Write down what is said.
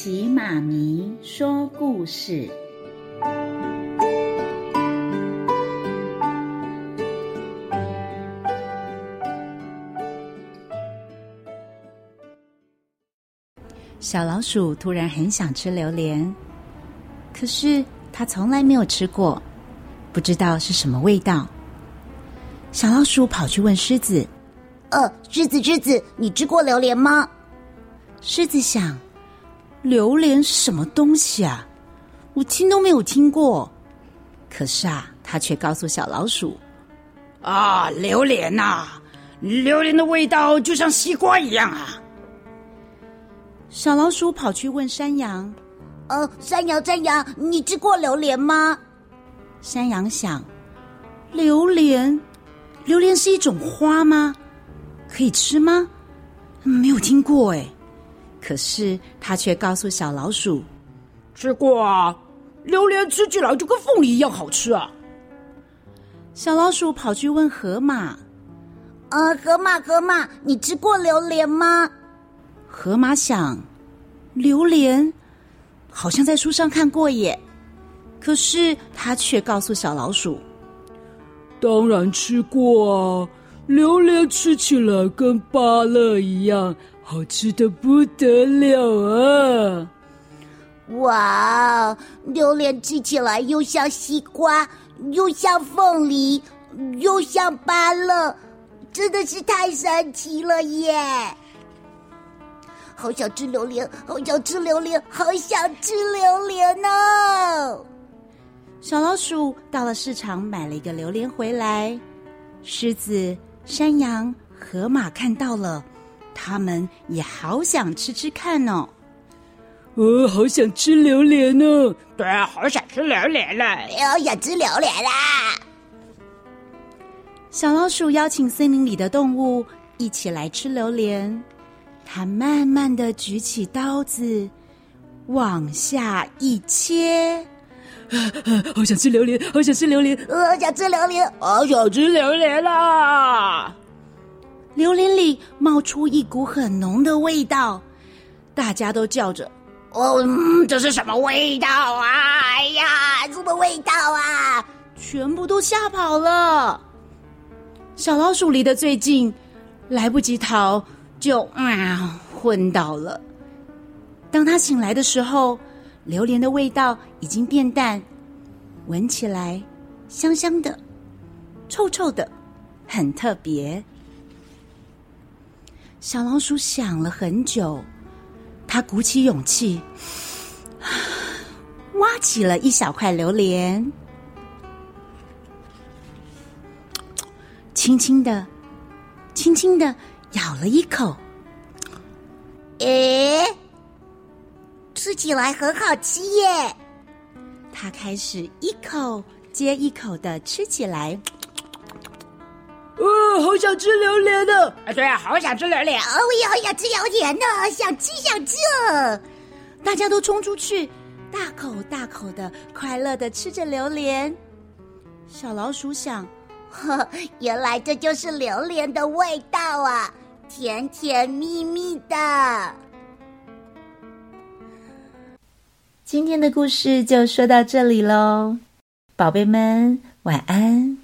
騎馬迷說故事。小老鼠突然很想吃榴蓮，可是它從來沒有吃過，不知道是什麼味道。小老鼠跑去問獅子：“呃，獅子獅子，你吃過榴蓮嗎？”獅子想。榴蓮是什麼東西啊？我聽都沒有聽過。可是啊，他卻告訴小老鼠：“啊，榴蓮吶、啊，榴蓮的味道就像西瓜一樣啊！”小老鼠跑去問山羊：“呃、哦，山羊山羊，你吃過榴蓮嗎？”山羊想：“榴蓮，榴蓮是一種花嗎？可以吃嗎？沒有聽過哎。”可是他卻告訴小老鼠：“吃過啊，榴蓮吃起來就跟鳳梨一樣好吃啊。”小老鼠跑去問河馬：“呃，河馬，河馬，你吃過榴蓮嗎？”河馬想：榴蓮好像在書上看過耶。可是他卻告訴小老鼠：“當然吃過啊。”榴蓮吃起來跟芭樂一樣，好吃的不得了啊！哇，榴蓮吃起來又像西瓜，又像鳳梨，又像芭樂，真的是太神奇了耶！好想吃榴蓮，好想吃榴蓮，好想吃榴蓮哦！小老鼠到了市場，買了一個榴蓮回來，獅子。山羊、河馬看到了，他們也好想吃吃看哦。我，哦，好想吃榴蓮哦！對，好想吃榴蓮了。我，哎，要吃榴蓮啦，啊！小老鼠邀請森林裡的動物一起來吃榴蓮。它慢慢地舉起刀子，往下一切。啊啊！好想吃榴蓮，好想吃榴蓮，我想吃榴蓮，我想吃榴蓮啦、啊！榴蓮裡冒出一股很濃的味道，大家都叫着：“哦、嗯，這是什麼味道啊？哎呀，什麼味道啊？”全部都嚇跑了。小老鼠離得最近，來不及逃，就啊、嗯、昏倒了。當他醒來的時候。榴蓮的味道已經變淡，聞起來香香的、臭臭的，很特別。小老鼠想了很久，它鼓起勇氣，挖起了一小塊榴蓮，輕輕的、輕輕的咬了一口，誒、欸。吃起來很好吃耶！他開始一口接一口的吃起來。哇、哦，好想吃榴蓮呢！哎，對啊，好想吃榴蓮！哦呀，我也好想吃榴蓮呢、啊，想吃想吃哦！大家都衝出去，大口大口的，快樂的吃着榴蓮。小老鼠想：呵呵，原來這就是榴蓮的味道啊，甜甜蜜蜜的。今天的故事就說到這裡嘍，寶貝們晚安。